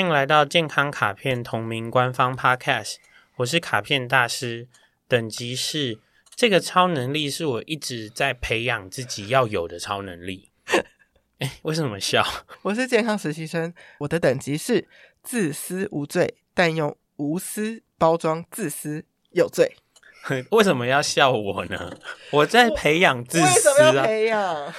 歡迎來到健康卡片同名官方 podcast，我是卡片大師，等級是這個超能力是我一直在培養自己要有的超能力。哎，為什麼笑？我是健康實習生，我的等級是自私無罪，但用無私包裝自私有罪。為什麼要笑我呢？我在培養自私啊。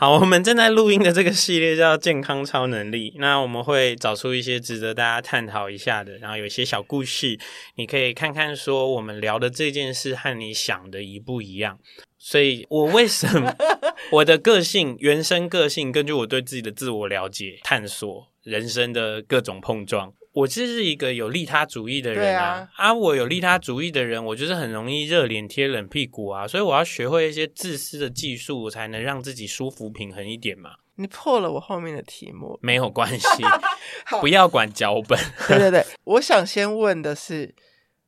好，我們正在錄音的這個系列叫《健康超能力》，那我們會找出一些值得大家探討一下的，然後有一些小故事，你可以看看說我們聊的這件事和你想的一不一樣。所以我為什麼我的個性 原生個性，根據我對自己的自我了解，探索人生的各種碰撞。我其實是一個有利他主義的人啊，啊，啊，我有利他主義的人，我就是很容易熱臉貼冷屁股啊，所以我要學會一些自私的技術，才能讓自己舒服平衡一點嘛。你破了我後面的題目，沒有關係， 不要管腳本。 對對對，我想先問的是，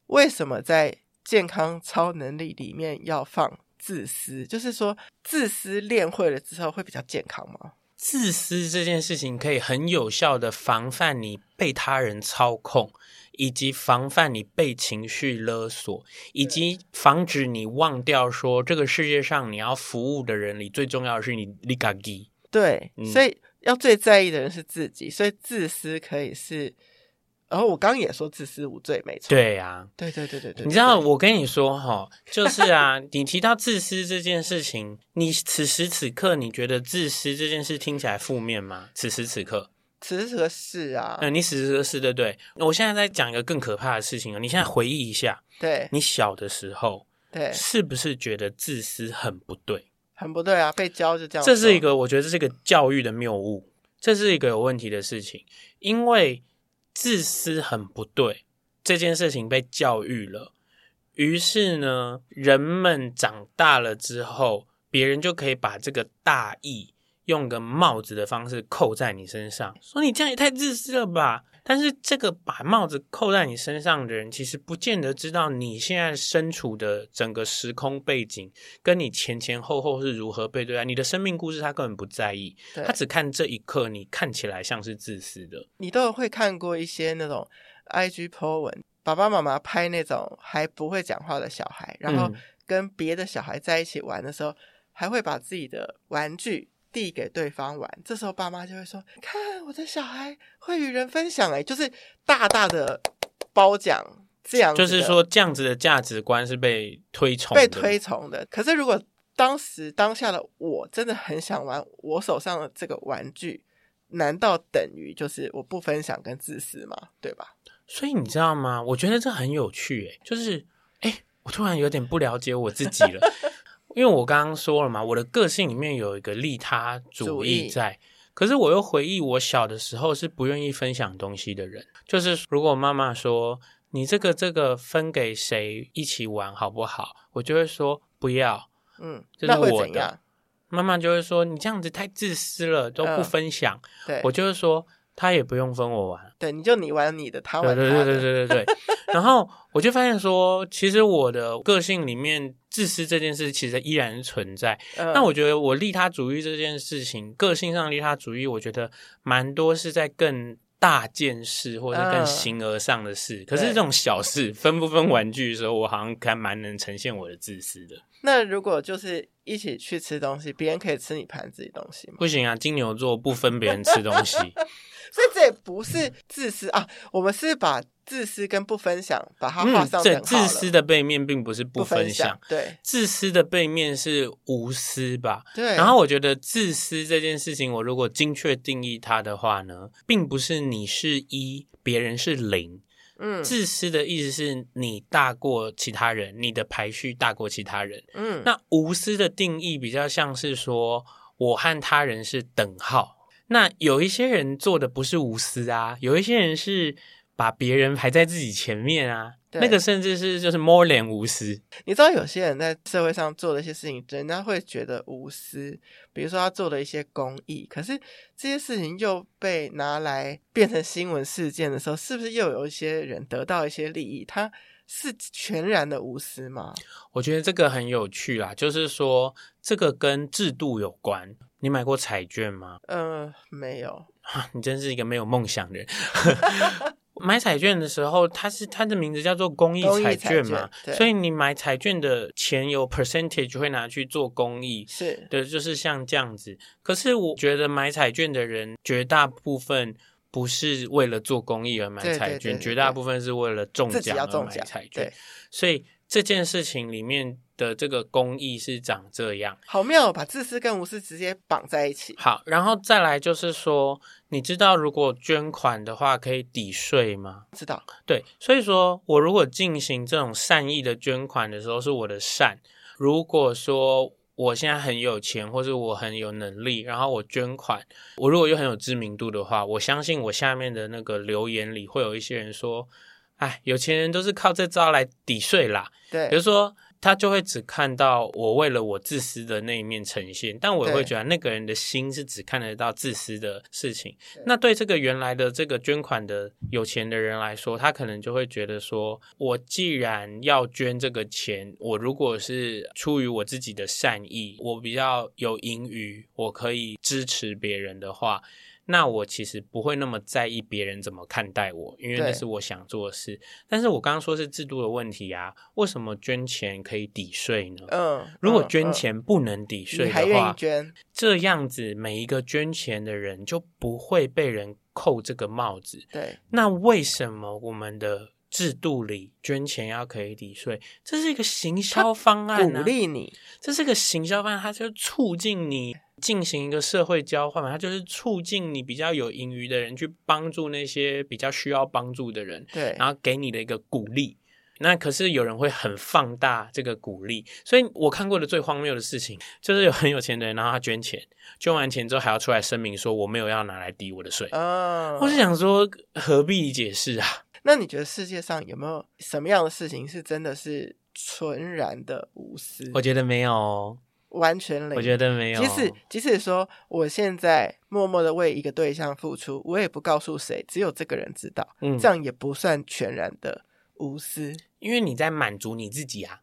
為什麼在健康超能力裡面要放自私？就是說，自私練會了之後會比較健康嗎？自私這件事情可以很有效的防範你被他人操控，以及防範你被情緒勒索，以及防止你忘掉說這個世界上你要服務的人裡最重要的是你利嘎基。對、嗯，所以要最在意的人是自己，所以自私可以是。然、哦、後我剛也說自私無罪，沒錯。對呀、啊，對對對對對。你知道我跟你說哈、哦， 就是啊，你提到自私這件事情，你此時此刻你覺得自私這件事聽起來負面嗎？此時此刻，此時此刻是啊。嗯，你此時此刻是，對對。我現在在講一個更可怕的事情啊、哦，你現在回憶一下，對，你小的時候，對，是不是覺得自私很不對？很不對啊，被教就這樣，這是一個，我覺得這是一個教育的謬誤，這是一個有問題的事情，因為。自私很不對，這件事情被教育了，於是呢，人們長大了之後，別人就可以把這個大義用個帽子的方式扣在你身上，說你這樣也太自私了吧。但是這個把帽子扣在你身上的人，其實不見得知道你現在身處的整個時空背景，跟你前前後後是如何背對啊？你的生命故事他根本不在意，他只看這一刻你看起來像是自私的。你都會看過一些那種 IG po 文，爸爸媽媽拍那種還不會講話的小孩，然後跟別的小孩在一起玩的時候，嗯、還會把自己的玩具，遞給對方玩，這時候爸媽就會說：“看我的小孩會與人分享、欸，哎，就是大大的褒獎。”這樣就是說這樣子的價值觀是被推崇的、被推崇的。可是如果當時當下的我真的很想玩我手上的這個玩具，難道等於就是我不分享跟自私嗎？對吧？所以你知道嗎？我覺得這很有趣、欸，哎，就是哎、欸，我突然有點不了解我自己了。 因為我剛剛說了嘛，我的個性裡面有一個利他主義在主，可是我又回憶我小的時候是不願意分享東西的人，就是如果媽媽說，你這個這個分給誰一起玩好不好？我就會說不要，嗯，這、就是我的媽媽就會說，你這樣子太自私了，都不分享，嗯、我就是說。他也不用分我玩，對，你就你玩你的，他玩他的。對對對對對對對。 然後我就發現說，其實我的個性裡面自私這件事其實依然存在、呃。那我覺得我利他主義這件事情，個性上利他主義，我覺得蠻多是在更大件事或者更形而上的事、呃。可是這種小事分不分玩具的時候，我好像還蠻能呈現我的自私的。那如果就是。一起去吃東西，別人可以吃你盤子裡東西嗎？不行啊，金牛座不分別人吃東西， 所以這也不是自私、嗯、啊。我們是把自私跟不分享把它畫上等號、嗯、自私的背面並不是不分，不分享，對，自私的背面是無私吧？對。然後我覺得自私這件事情，我如果精確定義它的話呢，並不是你是一，別人是零。自私的意思是你大過其他人，你的排序大過其他人。嗯，那無私的定義比較像是說，我和他人是等號。那有一些人做的不是無私啊，有一些人是。把別人排在自己前面啊，那個甚至是就是 more than 無私。你知道有些人在社會上做的一些事情，人家會覺得無私。比如說他做了一些公益，可是這些事情又被拿來變成新聞事件的時候，是不是又有一些人得到一些利益？他是全然的無私嗎？我覺得這個很有趣啦、啊，就是說這個跟制度有關。你買過彩券嗎？嗯、呃，沒有。你真是一個沒有夢想的人。 買彩券的時候，它是它的名字叫做公益彩券嘛，公益彩券，對，所以你買彩券的錢有 percentage 會拿去做公益，是的，就是像這樣子。是。可是我覺得買彩券的人絕大部分不是為了做公益而買彩券。對對對對，絕大部分是為了中獎而買彩券。對，所以這件事情裡面。的這個工藝是長這樣，好妙哦，把自私跟無私直接綁在一起。好，然後再來就是說，你知道如果捐款的話可以抵稅嗎？知道。對，所以說我如果進行這種善意的捐款的時候，是我的善。如果說我現在很有錢，或是我很有能力，然後我捐款，我如果又很有知名度的話，我相信我下面的那個留言裡會有一些人說：“哎，有錢人都是靠這招來抵稅啦。”對，比如說。他就會只看到我為了我自私的那一面呈現，但我也會覺得那個人的心是只看得到自私的事情。那對這個原來的這個捐款的有錢的人來說，他可能就會覺得說，我既然要捐這個錢，我如果是出於我自己的善意，我比較有盈餘，我可以支持別人的話。那我其實不會那麼在意別人怎麼看待我，因為那是我想做的事。但是我剛剛說的是制度的問題啊，為什麼捐錢可以抵稅呢？嗯，如果捐錢不能抵稅的話，嗯嗯嗯、這樣子每一個捐錢的人就不會被人扣這個帽子。對，那為什麼我們的？制度裡捐錢要可以抵稅，這是一個行銷方案，啊，鼓勵你。這是一個行銷方案，它就是促進你進行一個社會交換嘛，它就是促進你比較有盈餘的人去幫助那些比較需要幫助的人。對，然後給你的一個鼓勵。那可是有人會很放大這個鼓勵，所以我看過的最荒謬的事情，就是有很有錢的人然後他捐錢，捐完錢之後還要出來聲明說我沒有要拿來抵我的稅啊，哦！我是想說何必解釋啊？那你覺得世界上有沒有什麼樣的事情是真的是純然的無私？我覺得沒有，完全零，我覺得沒有，即使即使說我現在默默的為一個對象付出，我也不告訴誰，只有這個人知道。嗯，這樣也不算全然的無私，因為你在滿足你自己啊。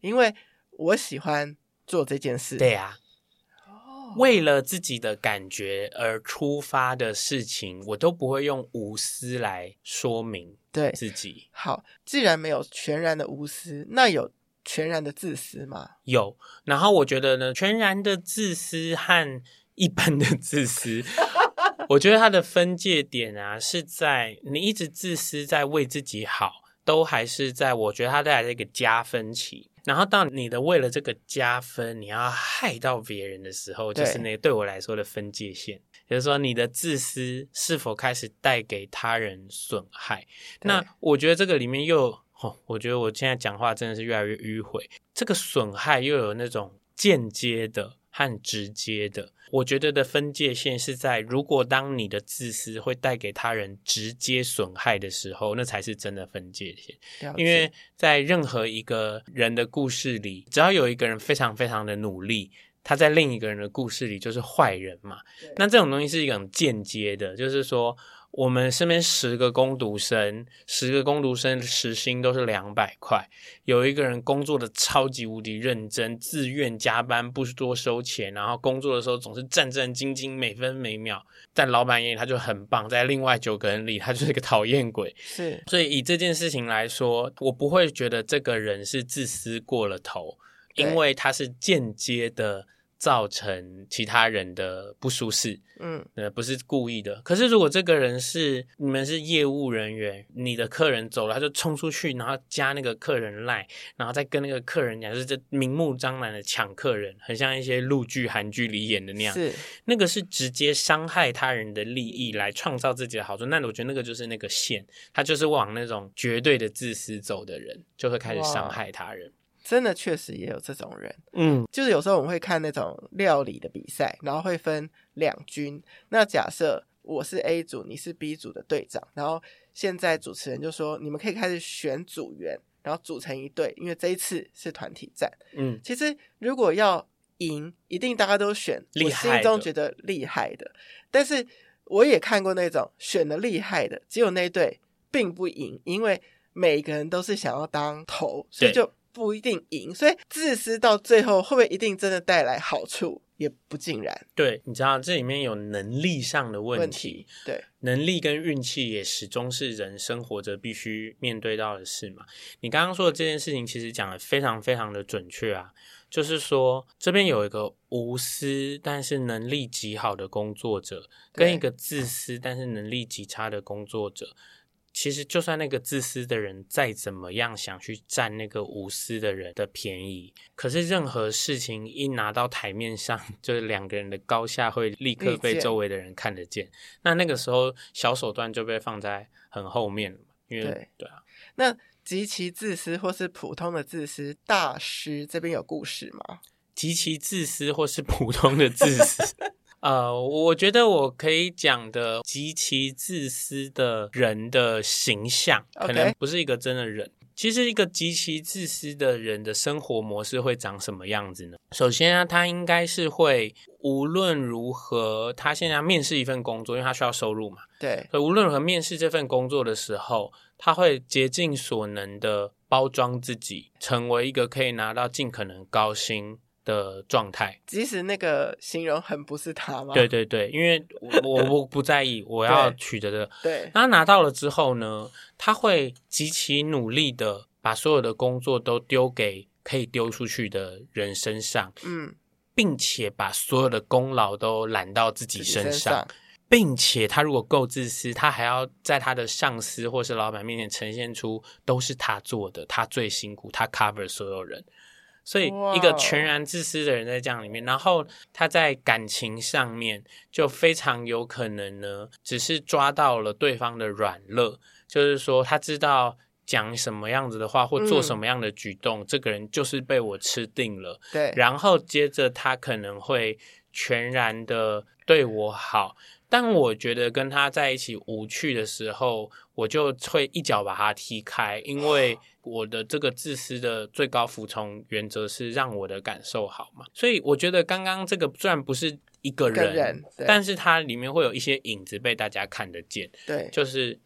因為我喜歡做這件事。對呀、啊。為了自己的感覺而出發的事情，我都不會用無私來說明。對自己對。好，既然沒有全然的無私，那有全然的自私嗎？有。然後我覺得呢，全然的自私和一般的自私， 我覺得它的分界點啊，是在你一直自私在為自己好，都還是在我覺得它帶來的一個加分期。然後到你的為了這個加分，你要害到別人的時候，就是那個對我來說的分界線，就是說你的自私是否開始帶給他人損害？那我覺得這個裡面又、哦，我覺得我現在講話真的是越來越迂回，這個損害又有那種間接的。和直接的，我覺得的分界線是在，如果當你的自私會帶給他人直接損害的時候，那才是真的分界線。因為在任何一個人的故事裡，只要有一個人非常非常的努力，他在另一個人的故事裡就是壞人嘛。那這種東西是一種間接的，就是說。我們身邊十個工讀生，十個工讀生時薪都是兩百塊。有一個人工作的超級無敵認真，自願加班，不多收錢，然後工作的時候總是戰戰兢兢，每分每秒。在老闆眼裡，他就很棒；在另外九個人裡，他就是個討厭鬼。是，所以以這件事情來說，我不會覺得這個人是自私過了頭，因為他是間接的。造成其他人的不舒適，嗯，呃，不是故意的。可是如果這個人是你們是業務人員，你的客人走了，他就衝出去，然後加那個客人賴，然後再跟那個客人講，就是這明目張膽的搶客人，很像一些陸劇、韓劇裡演的那樣。是那個是直接傷害他人的利益來創造自己的好處。那我覺得那個就是那個線，他就是往那種絕對的自私走的人，就會開始傷害他人。真的確實也有這種人，嗯，就是有時候我們會看那種料理的比賽，然後會分兩軍。那假設我是 A 組，你是 B 組的隊長，然後現在主持人就說你們可以開始選組員，然後組成一隊，因為這一次是團體戰。嗯，其實如果要贏，一定大家都選我心中覺得厲害的。但是我也看過那種選的厲害的，只有那隊並不贏，因為每個人都是想要當頭，所以就。不一定贏，所以自私到最後會不會一定真的帶來好處，也不盡然。對，你知道這裡面有能力上的問題，問題，對，能力跟運氣也始終是人生活着必須面對到的事嘛。你剛剛說的這件事情，其實講得非常非常的準確啊，就是說這邊有一個無私但是能力極好的工作者，跟一個自私但是能力極差的工作者。其實，就算那個自私的人再怎麼樣想去占那個無私的人的便宜，可是任何事情一拿到檯面上，就是兩個人的高下會立刻被周圍的人看得見。見，那那個時候，小手段就被放在很後面了。因為對、對啊，那極其自私或是普通的自私，大師這邊有故事嗎？極其自私或是普通的自私。 呃，我覺得我可以講的極其自私的人的形象，可能不是一個真的人。Okay. 其實，一個極其自私的人的生活模式會長什麼樣子呢？首先呢，啊，他應該是會無論如何，他現在要面試一份工作，因為他需要收入嘛。對。所以無論如何，面試這份工作的時候，他會竭盡所能的包裝自己，成為一個可以拿到盡可能高薪。的狀態，即使那個形容很不是他嗎？對對對，因為我我，我不在意， 我要取得的。對，對。那他拿到了之後呢，他會極其努力的把所有的工作都丟給可以丟出去的人身上，嗯，並且把所有的功勞都攬到自己、嗯、自己身上，並且他如果夠自私，他還要在他的上司或是老闆面前呈現出都是他做的，他最辛苦，他 cover 所有人。所以，一個全然自私的人在這樣裡面、wow，然後他在感情上面就非常有可能呢，只是抓到了對方的軟肋，就是說他知道講什麼樣子的話或做什麼樣的舉動、嗯，這個人就是被我吃定了。對，然後接着他可能會全然的對我好。當我覺得跟他在一起無趣的時候，我就會一腳把他踢開，因為我的這個自私的最高服從原則是讓我的感受好嘛。所以我覺得剛剛這個雖然不是一個人，人但是它裡面會有一些影子被大家看得見。對，就是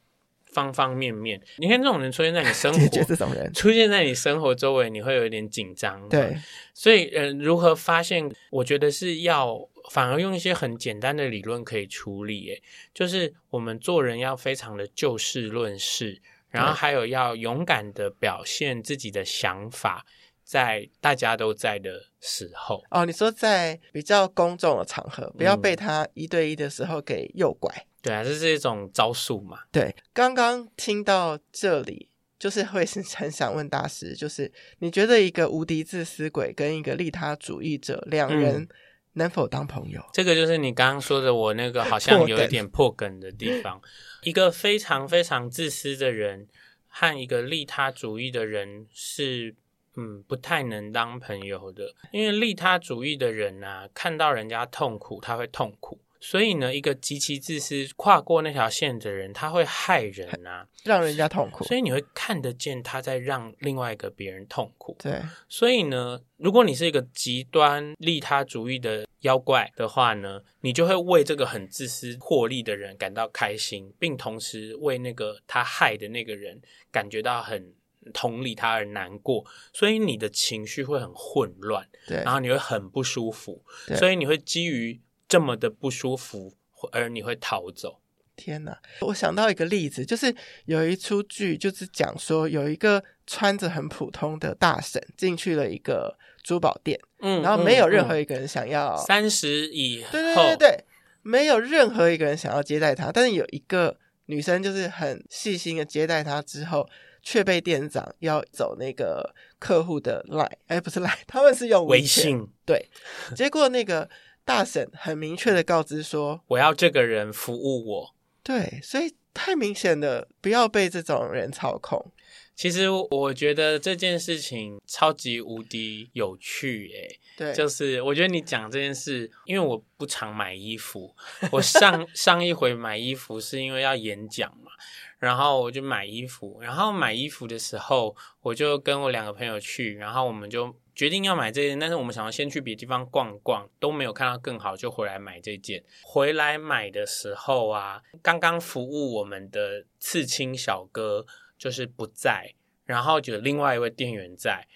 方方面面。你看這種人出現在你生活 這種人出現在你生活周圍，你會有一點緊張。對，所以嗯，如何發現？我覺得是要。反而用一些很簡單的理論可以處理，哎，就是我們做人要非常的就事論事，然後還有要勇敢的表現自己的想法，在大家都在的時候。哦，你說在比較公眾的場合，不要被他一對一的時候給誘拐。嗯，對啊，這是一種招數嘛。對，剛剛聽到這裡，就是會是很想問大師，就是你覺得一個無敵自私鬼跟一個利他主義者兩人、嗯？能否當朋友？這個就是你剛剛說的，我那個好像有一點破梗的地方。 一個非常非常自私的人和一個利他主義的人是，嗯，不太能當朋友的。因為利他主義的人吶、啊，看到人家痛苦，他會痛苦。所以呢，一個極其自私跨過那條線的人，他會害人啊，讓人家痛苦。所以你會看得見他在讓另外一個別人痛苦。對。所以呢，如果你是一個極端利他主義的妖怪的話呢，你就會為這個很自私獲利的人感到開心，並同時為那個他害的那個人感覺到很同理他而難過。所以你的情緒會很混亂，對，然後你會很不舒服。對。所以你會基於。這麼的不舒服，而你會逃走。天哪！我想到一個例子，就是有一出劇，就是講說有一個穿着很普通的大嬸進去了一個珠寶店，嗯，然後沒有任何一個人想要、嗯嗯、三十以後對，對對對，沒有任何一個人想要接待他，但是有一個女生就是很細心的接待他，之後卻被店長要走那個客戶的 LINE，哎，不是 LINE，他們是用微信，微信，對，結果那個。 大嬸很明確的告知說：“我要這個人服務我。”對，所以太明顯的不要被這種人操控。其實我覺得這件事情超級無敵有趣哎、欸，對，就是我覺得你講這件事，因為我不常買衣服，我上上一回買衣服是因為要演講嘛， 然後我就買衣服，然後買衣服的時候我就跟我兩個朋友去，然後我們就。決定要買這件，但是我們想要先去別的地方逛逛，都沒有看到更好，就回來買這件。回來買的時候啊，剛剛服務我們的刺青小哥就是不在，然後就另外一位店員在，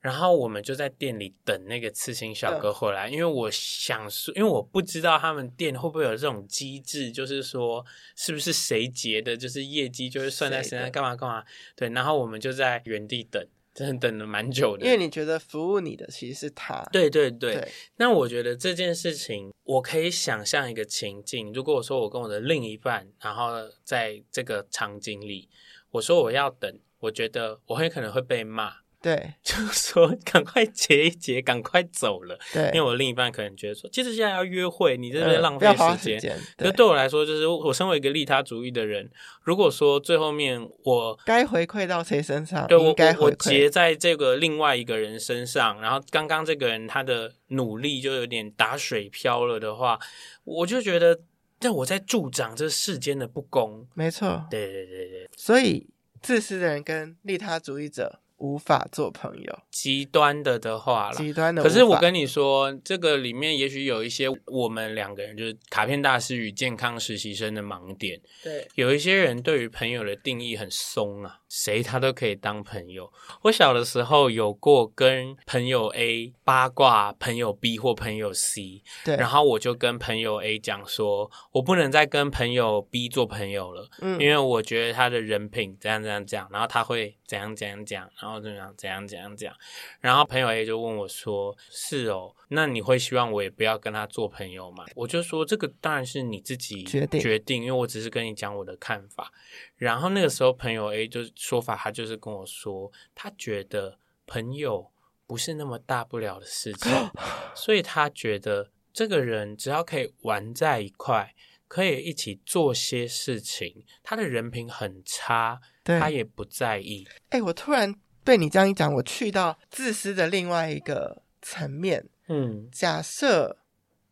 然後我們就在店裡等那個刺青小哥回來、嗯，因為我想說，因為我不知道他們店會不會有這種機制，就是說是不是誰結的，就是業績就是算在誰身上幹嘛幹嘛。對，然後我們就在原地等。真的等了蠻久的，因為你覺得服務你的其實是他。對對對，對，那我覺得這件事情，我可以想象一個情境：如果說我跟我的另一半，然後在這個場景裡，我說我要等，我覺得我很可能會被罵。對，就說趕快結一結，趕快走了。對，因為我另一半可能覺得說，其實現在要約會，你在這邊浪費時間。就、呃、對，對我來說，就是我身為一個利他主義的人，如果說最後面我該回饋到誰身上？對，我該回饋，我，我結在這個另外一個人身上，然後剛剛這個人他的努力就有點打水漂了的話，我就覺得，讓我在助長這世間的不公。沒錯。對對對對。所以，自私的人跟利他主義者。無法做朋友，極端的的話啦。極端的，可是我跟你說，這個裡面也許有一些我們兩個人就是卡片大師與健康實習生的盲點。對，有一些人對於朋友的定義很鬆啊。誰他都可以當朋友。我小的時候有過跟朋友 A 八卦，朋友 B 或朋友 C，對，然後我就跟朋友 A 講說，我不能再跟朋友 B 做朋友了，嗯，因為我覺得他的人品怎樣怎樣怎樣，然後他會怎樣怎樣講，然後怎樣怎樣怎樣講，然後朋友 A 就問我說：“是哦，那你會希望我也不要跟他做朋友嗎？”我就說：“這個當然是你自己決定，決定，因為我只是跟你講我的看法。”然後那個時候，朋友 A 就是說法，他就是跟我說，他覺得朋友不是那麼大不了的事情，所以他覺得這個人只要可以玩在一塊，可以一起做些事情，他的人品很差，他也不在意。哎、欸，我突然對你這樣一講，我去到自私的另外一個層面。嗯，假設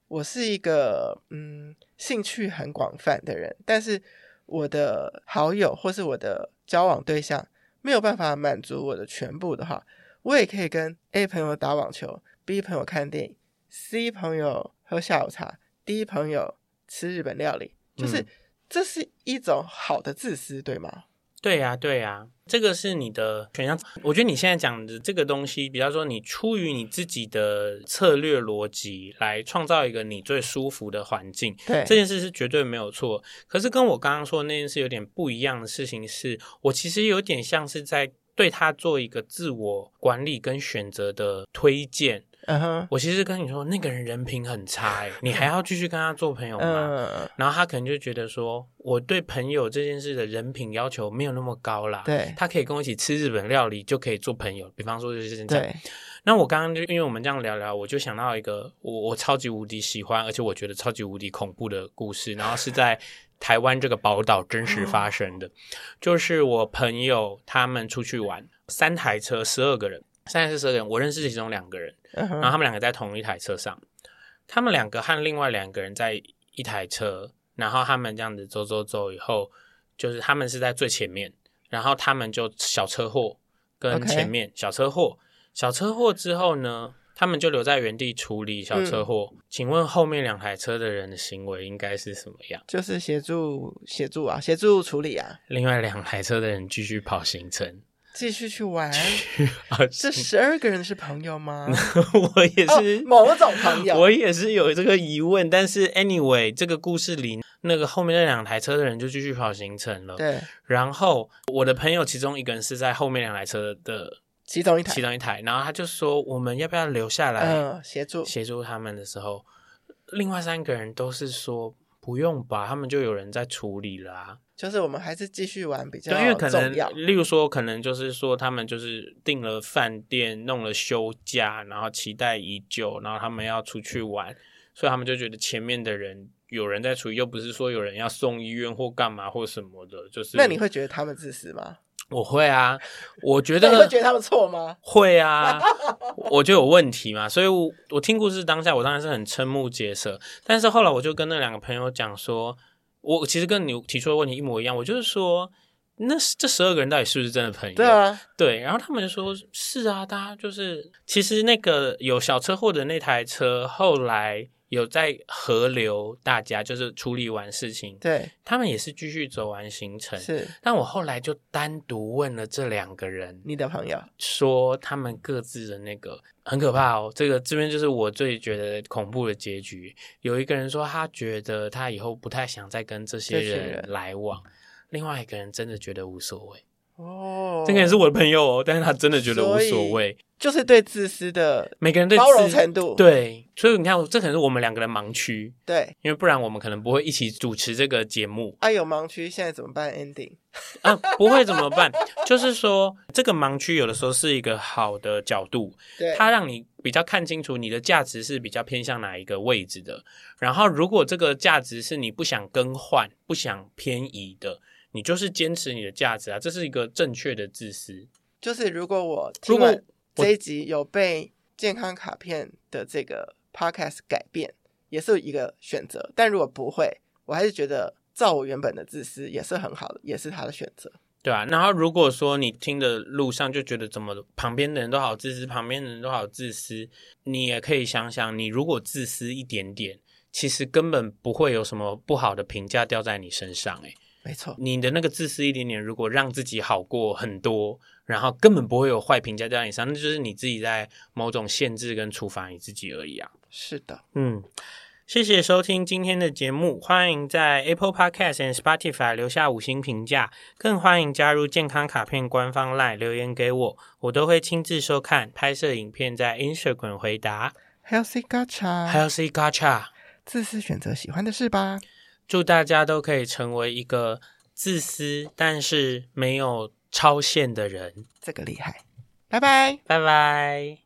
我是一個嗯興趣很廣泛的人，但是。我的好友或是我的交往對象沒有辦法滿足我的全部的話，我也可以跟 A 朋友打網球，B 朋友看電影，C 朋友喝下午茶，D 朋友吃日本料理，就是這是一種好的自私，嗯、對嗎？對呀，對呀，這個是你的選項。我覺得你現在講的這個東西，比方說你出於你自己的策略邏輯來創造一個你最舒服的環境，對這件事是絕對沒有錯。可是跟我剛剛說的那件事有點不一樣的事情是，我其實有點像是在對他做一個自我管理跟選擇的推薦。嗯哼，我其實跟你說，那個人人品很差，欸，誒，你還要繼續跟他做朋友嗎？Uh -huh. 然後他可能就覺得說，我對朋友這件事的人品要求沒有那麼高啦。對，他可以跟我一起吃日本料理就可以做朋友。比方說，就是現在。對。那我剛剛就因為我們這樣聊聊，我就想到一個我我超級無敵喜歡，而且我覺得超級無敵恐怖的故事。然後是在台灣這個寶島真實發生的，uh -huh. 就是我朋友他們出去玩，三台車，十二個人。三十四個人，我認識其中兩個人，Uh-huh. 然後他們兩個在同一台車上，他們兩個和另外兩個人在一台車，然後他們這樣子走走走以後，就是他們是在最前面，然後他們就小車禍跟前面小車禍。Okay. 小車禍之後呢，他們就留在原地處理小車禍。嗯。請問後面兩台車的人的行為應該是什麼樣？就是協助協助啊，協助處理啊。另外兩台車的人繼續跑行程。繼續去玩， 這十二個人是朋友嗎？ 我也是、哦、某種朋友，我也是有這個疑問。但是，anyway，這個故事裡，那個後面那兩臺車的人就繼續跑行程了。對，然後我的朋友其中一個人是在後面兩臺車的其中一臺，其中一臺，然後他就說：“我們要不要留下來協助、嗯、協助他們？”的時候，另外三個人都是說。不用吧，他們就有人在處理啦、啊。就是我們還是繼續玩比較重要。因為可能，例如說，可能就是說，他們就是訂了飯店，弄了休假，然後期待已久，然後他們要出去玩、嗯，所以他們就覺得前面的人有人在處理，又不是說有人要送醫院或幹嘛或什麼的，就是。那你會覺得他們自私嗎？我會啊，我覺得你會覺得他們錯嗎？會啊，我就有問題嘛。 所以我，我我聽故事當下，我當然是很瞠目結舌。但是後來，我就跟那兩個朋友講說，我其實跟你提出的問題一模一樣。我就是說，那這十二個人到底是不是真的朋友？對啊，對。然後他們就說，是啊，大家就是其實那個有小車禍的那台車後來。有在河流，大家就是處理完事情，對，他們也是繼續走完行程。是，但我後來就單獨問了這兩個人，你的朋友，說他們各自的那個很可怕哦。這個這邊就是我最覺得恐怖的結局。有一個人說他覺得他以後不太想再跟這些人來往，另外一個人真的覺得無所謂。哦，這個人是我的朋友哦，但是他真的覺得無所謂。所就是對自私的每個人對包容程度對，所以你看，這可能是我們兩個的盲區，對，因為不然我們可能不會一起主持這個節目。啊，有盲區，現在怎麼辦？Ending 啊，不會怎麼辦？ 就是說，這個盲區有的時候是一個好的角度，對它讓你比較看清楚你的價值是比較偏向哪一個位置的。然後，如果這個價值是你不想更換、不想偏移的，你就是堅持你的價值啊，這是一個正確的自私。就是如果我如果。這一集有被健康卡片的這個 podcast 改變，也是一個選擇。但如果不會，我還是覺得照我原本的自私也是很好的，也是他的選擇。對啊，然後如果說你聽的路上就覺得怎麼旁邊的人都好自私，旁邊的人都好自私，你也可以想想，你如果自私一點點，其實根本不會有什麼不好的評價掉在你身上，欸，沒錯，你的那個自私一點點，如果讓自己好過很多，然後根本不會有壞評價這樣以上，那就是你自己在某種限制跟處罰你自己而已啊。是的，嗯，謝謝收聽今天的節目，歡迎在 Apple Podcast 和 Spotify 留下五星評價，更歡迎加入健康卡片官方 LINE 留言給我，我都會親自收看拍攝影片，在 Instagram 回答 Healthy Gacha，Healthy Gacha，自私選擇喜歡的事吧。祝大家都可以成為一個自私，但是沒有超限的人，這個厲害！拜拜，拜拜。